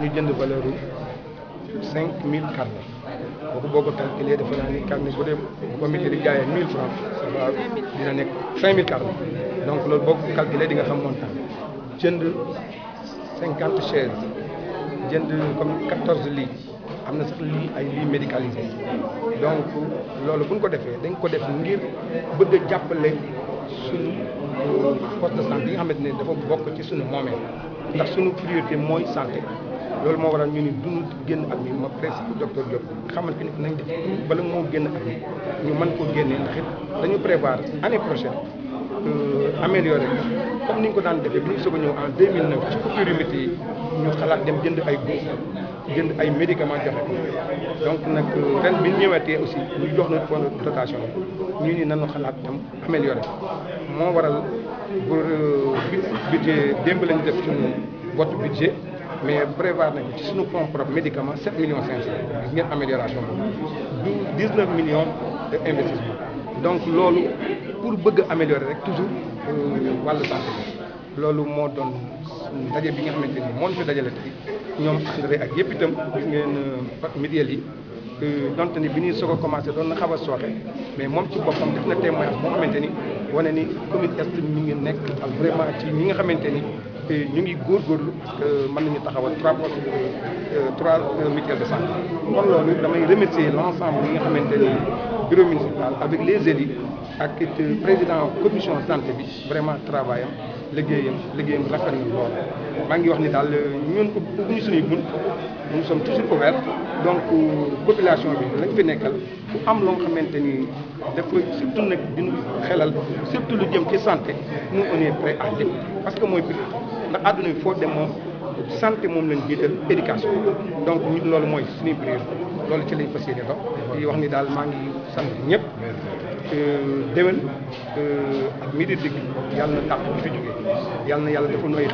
ñu jënd valeur u cinq mille carnet boo ko boo ko calculé defe naa ni carnet bu dee bu ko métier di mille francs ça dina nekk cinq mille carnet donc loolu boo ko di nga xam montant jënd cinquante chaises jënd comme quatorze am na sax lii ay lii loolu bu ko defee dañ ko def ngir bëgg a jàppale suñu euh, poste de santé yi nga xamante ne dafa bokk ci suñu moomeel ndax suñu priorité mooy santé loolu moo waral ñu ni dunu génn ak mi ma presque docteur Diop xamal que ni nañ def bala moo génn ak mi ñu mën koo génnee ndax dañu prévoir année prochaine euh, améliorer comme ni ñu ko daan defee bu ñu soog a ñëw en si ci coupure métti yi ñu xalaat dem jënd ay góob ay médicaments joxe ko donc nag euh, ren bi ñu ñëwaatee aussi ñu jox na point de dotation ñu ni nanu xalaat tam améliorer moo waral pour euh, budget démb lañu def suñu vote budget mais prévoir nañu ci suñu fonds propre médicament 7 millions 500 gis ngeen amélioration boobu 19 millions de investissement donc loolu pour bëgg a rek toujours euh, wàllu santé loolu moo doon daje bi nga xamante ni moo ñu fi dajale tey ñoom engrais ak yëpp itam gis ngeen euh, mutuelle yi donte ni bi ñuy soog a commencé doon na xaw a sooxe mais moom ci boppam def na témoignage moo xamante ni wane ni commune est mi ngi nekk ak vraiment ci ñi nga xamante ni te ñu ngi góorgóorlu mën nañu taxawal trois postes euh, trois euh, mutuelles de santé kon loolu damay remercier l'ensemble yi nga xamante ni bureau municipal avec les élus ak it euh, président commission santé bi vraiment travail am liggéeyam liggéeyam rafet na lool maa ngi wax ni daal ñun ubbi suñuy bunt nous sommes toujours ouverts donc population bi lañ fi nekkal ku am loo xamante ni dafa surtout nag dinu xelal surtout lu jëm ci santé nous on est prêts parce que mooy ndax àdduna yi foo dem moom santé moom lañ jiital éducation donc ñun loolu mooy suñu priorité loolu ci lañ fas yéene dox di wax ni daal maa ngi sant ñëpp euh, déwén euh, ak midi digg yàlla na tàq bi fi na yàlla dafa nooy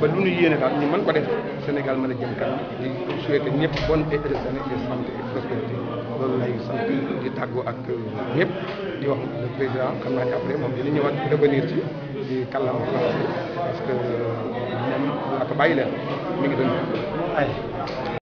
ba lu ñu yéene ko def Sénégal mën a jëm kanam di souhaité ñëpp bonne et heureuse année de santé et prospérité loolu lay sant di tàggoo ak euh, ñëpp di wax le président xam naa après moom dina ñëwaat revenir ci di kàllaama français parce bàyyi leen mi ngi dëng